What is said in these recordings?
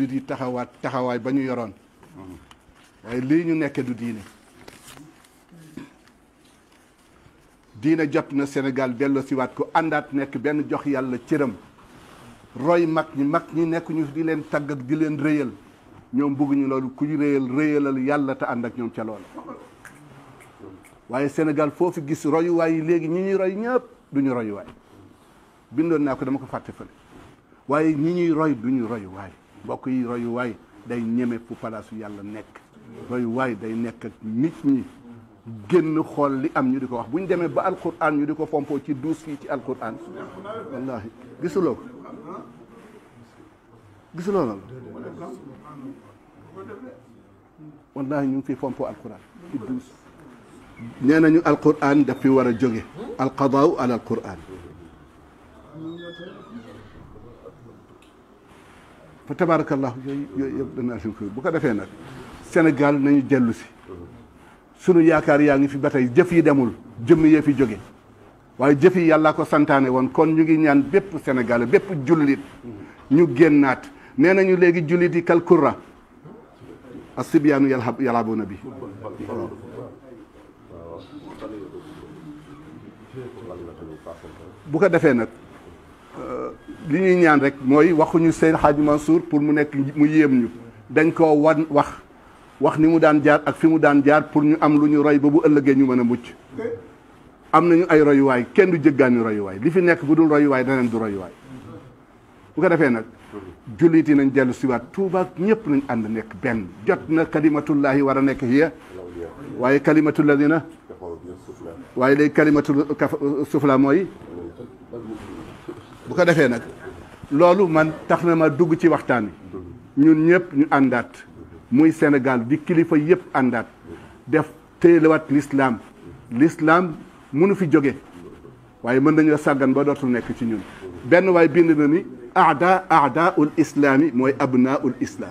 murit taxawaat taxawaay ba ñu yoroon waaye lii ñu nekke du diine diine jot na Sénégal delloo siwaat ko àndaat nekk benn jox yàlla cëram roy mag ñi mag ñi nekkuñu di leen tagg ak di leen rëyal ñoom bëgguñu loolu kuy rëyal rëyalal yàlla te ànd ak ñoom ca loolu waaye senegal foofu gis royuwaay yi léegi ñi ñuy roy ñëpp du bindoon naa ko dama ko fàtte ñi ñuy roy du ñu royuwaay mbokk yi royu waay day ñeme fu palaasu yàlla nekk royu day nekk ak nit ñi génn xool li am ñu di ko wax bu ñu demee ba alquran ñu di ko fompoo ci duus fii ci alquran wallahi gisuloo ko gisuloo loolu wallahi ñu ngi fi fompoo alquran ci duus nee nañu alquran daf fi war a jóge alqadaau ala alquran fa tabaarakallah yooyu yooyu bu ko defee nag Sénégal nañu dellu si yaakaar yaa ngi fi ba tey jëf yi demul jëmm yee fi jóge waaye jëf yi yàllaa ko santaane woon kon ñu ngi ñaan bépp Sénégalais bépp jullit ñu génnaat nee nañu léegi jullit yi kalkurra asibiyaanu yàlla yàllaabuna bi bu ko defee nag li ñuy ñaan rek mooy waxuñu seen xaaju Mansour pour mu nekk mu yéem ñu dañ koo wan wax wax ni mu daan jaar ak fi mu daan jaar pour ñu am lu ñu roy ba bu ëllëgee ñu mën a mucc am nañu ay royuwaay kenn du jëggaani royuwaay li fi nekk bu dul royuwaay daneen du waay bu ko defee nag jullit yi nañ dellu siwaat tuuba ñëpp nañ ànd nekk benn jot na kalimatullahi war a nekk hiya waaye kalimatul ladina waaye léegi kalimatul sufla mooy bu ko defee nag loolu man taxna ma dugg ci waxtan ñun ñëpp ñu andat muy Sénégal di kilifa yëpp andat def téelewat l'islam l'islam mënu fi jóge waye mën nañoo sagan ba dootul nek ci ñun ben way bind na ni aada aadaul islaami mooy abnaul islam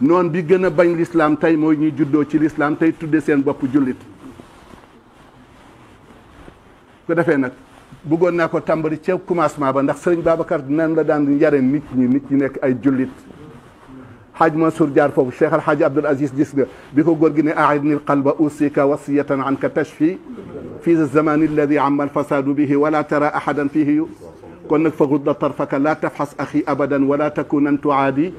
non bi gëna bañ l'islam tay moy ñi juddo ci l'islam tay tudde seen bop julit ko defee nag bëggoon naa ko tàmbali ca commencement ba ndax sëriñ Babacar nan la daan yare nit ñi nit ñi nekk ay jullit xaaj Mansour jaar foofu Cheikh Al Hadj Abdoul Aziz gis nga bi ko góor gi ne aidnil qalba usika wasiyatan an ka tashfi fi zamani alladi amma alfasadu bihi wala tara ahadan fihi yu kon nag fagudda tarfaka la tafxas axi abadan wala takunan tuaadi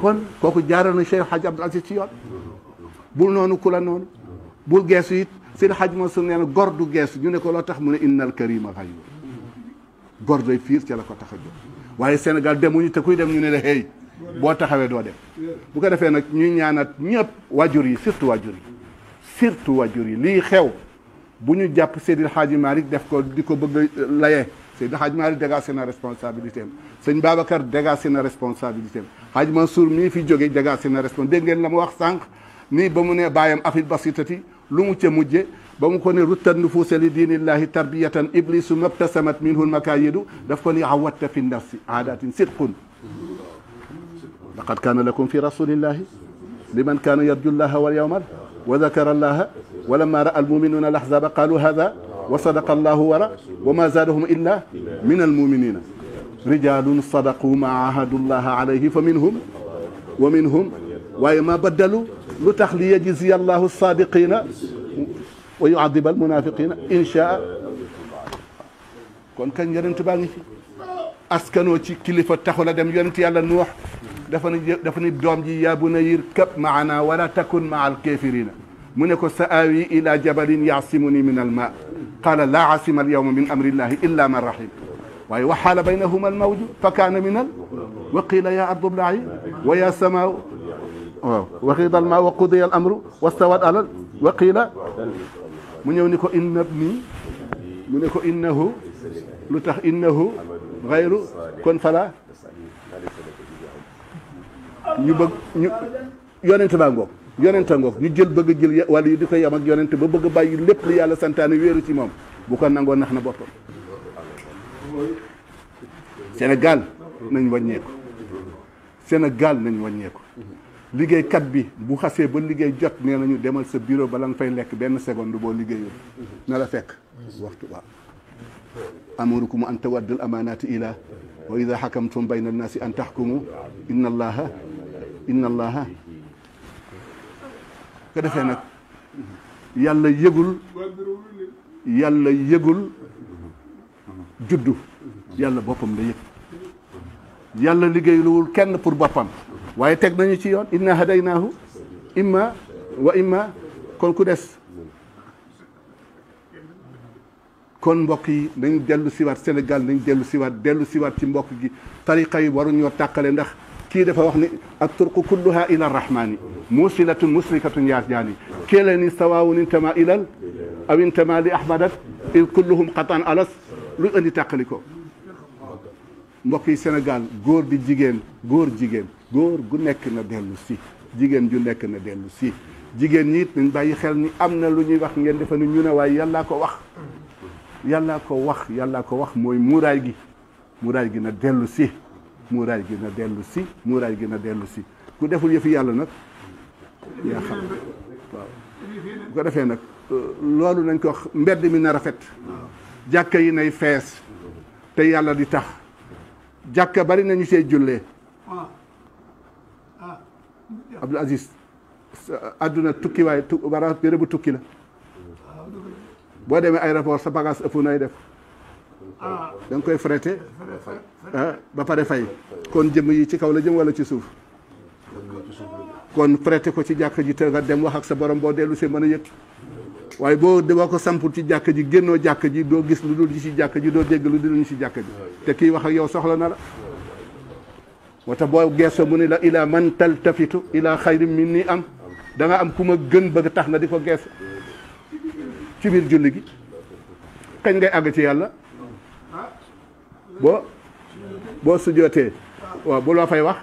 kon kooku jaaral na Cheikh Al Hadj Abdoul Aziz ci yoon bul noonu ku la noonu bul geesu it سيد حاج منصور نانا غوردو غيس ني نكو لا تخ مون ان الكريم غيور غوردو فير تي لا كو تخ جو واي سينغال ديمو ني تكوي ديم ني نلا هي بو تخاوي دو ديم بو كو دافي نا ني نيانات نييب واجوري سيرتو واجوري سيرتو واجوري لي خيو بو ني جاب سيد الحاج مالك داف كو ديكو بوغ لاي سيد الحاج مالك دغا سينا ريسبونسابيلتي سين بابكر دغا سينا ريسبونسابيلتي حاج منصور مي في جوغي دغا سينا ريسبون دي نين لام واخ سانخ ني بامو ني بايام افيد بسيطتي لومو تي مودي بامو كوني روت النفوس لدين الله تربيه ابليس ما ابتسمت منه المكايد دافكوني عوت في النفس عادات صدق لقد كان لكم في رسول الله لمن كان يرجو الله واليوم وذكر الله ولما راى المؤمنون الاحزاب قالوا هذا وصدق الله وراء وما زادهم الا من المؤمنين رجال صدقوا ما عاهدوا الله عليه فمنهم ومنهم وما بدلوا لتخ ليجزي الله الصادقين ويعذب المنافقين إن شاء كون كان يرنت باني في أسكنو تي كلفة تخول دم يرنت يالا نوح دفني دفني دوم جي يا بني كب معنا ولا تكن مع الكافرين منك سآوي إلى جبل يعصمني من الماء قال لا عاصم اليوم من أمر الله إلا من رحم ويوحل بينهما الموج فكان من ال وقيل يا أرض ابلعي ويا سماء waaw waxiidal maa wa qudiya al amru wastawat alal wa qiila mu ñëw ni ko inna nii mu ne ko innahu lu tax innahu xayru kon fala ñu bëgg ñu yonente baa ngoog yonente ngoog ñu jël bëgg a jël wala yu di ko yem ak yonente ba bëgg a bàyyi lépp lu yàlla santaane wéeru ci moom bu ko nangoo nax na boppam Sénégal nañ wàññeeku Sénégal nañ wàññeeku ligay kat bi bu xasse ba ligay jot nenañu demal sa bureau bala nga fay lek ben seconde bo ligay yo na la fek waxtu waaw amurukum an tawaddu al amanati ila wa idha hakamtum bayna annaasi an tahkumu inna allaha inna allaha ka defé nak yàlla yëgul yàlla yëgul juddu yàlla bopam la yëg yàlla ligay luul kenn pour bopam waaye teg nañu ci yoon inna hadaynaahu imma wa imma kon ku des kon mbokk yi nañ dellu siwaat Sénégal nañ dellu siwaat dellu siwaat ci mbokk gi tariqa yi waruñoo tàqale ndax kii dafa wax ni ak turqu kulluha ila rahmani musilatun musrikatun yaa jaani keele ni sawaawun intama ilal aw intama li ahmadat in kulluhum qatan alas lu andi tàqali ko mbokk yi Sénégal góor di jigéen góor jigéen góor gu nekk na dellu si jigéen ju nekk na dellu si jigéen ñi it nañ bàyyi xel ni am na lu ñuy wax ngeen defe ni ñu ne waaye yàllaa ko wax yàllaa ko wax yàllaa ko wax mooy muuraay gi muuraay gi na dellu si muuraay gi na dellu si muuraay gi na dellu si ku deful yëfi yàlla nag yaa xam waaw bu ko defee nag euh, loolu nañ ko wax mbedd mi na rafet jàkka yi nay fees te yàlla di tax jàkka bari nañu see jullee ah. Ah. Abdul Aziz àdduna tukki waaye tu bara bérébu tukki la ah, boo demee aéroport sa bagage ëpp nooy def da koy freté ba pare fay kon jëm yi ci kaw la jëm wala ci suuf kon prêté ko ci jàkk ji te nga dem wax ak sa borom boo dellu see mën a yëg waaye boo boo ko sampul ci jàkk ji génnoo jàkk ji doo gis lu dul ñi ci jàkk ji doo dégg lu dul ñi ci jàkk ji te kii wax ak yow soxla na la moo tax boo geesoo mu ni la ila man taltafitu ila xayrin min ni am da am ku ma gën bëgg tax na di ko gees ci biir julli gi kañ ngay àgg ci yàlla boo boo sujootee waaw bu loo fay wax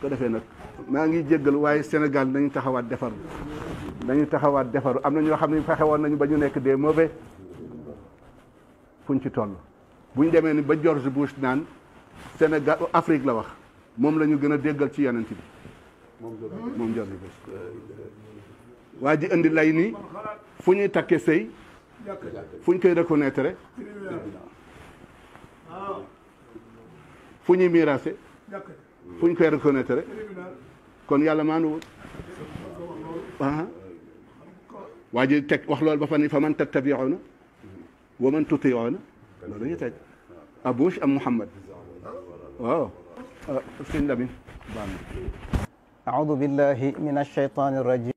ko defee nag maa ngi jéggal waaye Sénégal nañu taxawaat defaru nañu taxawaat defaru am na ñoo xam ne fexe woon nañu ba ñu nekk des mauvais fuñ ci toll buñ demee ni ba George Bush naan Sénégal Afrique la wax moom la ñu gën a déggal ci yonent bi moom George Bush waa ji indi lay nii fu ñuy takke sëy fu ñu koy reconnaître fu ñuy miraase fuñ koy reconnaître kon yàlla maanuwul ah waa ji teg wax loolu ba fa ni fa man tattabiuna wa man tutiuna loolu la ñuy teg abouche am muhammad waaw sëñ Lamine baax na أعوذ بالله من الشيطان الرجيم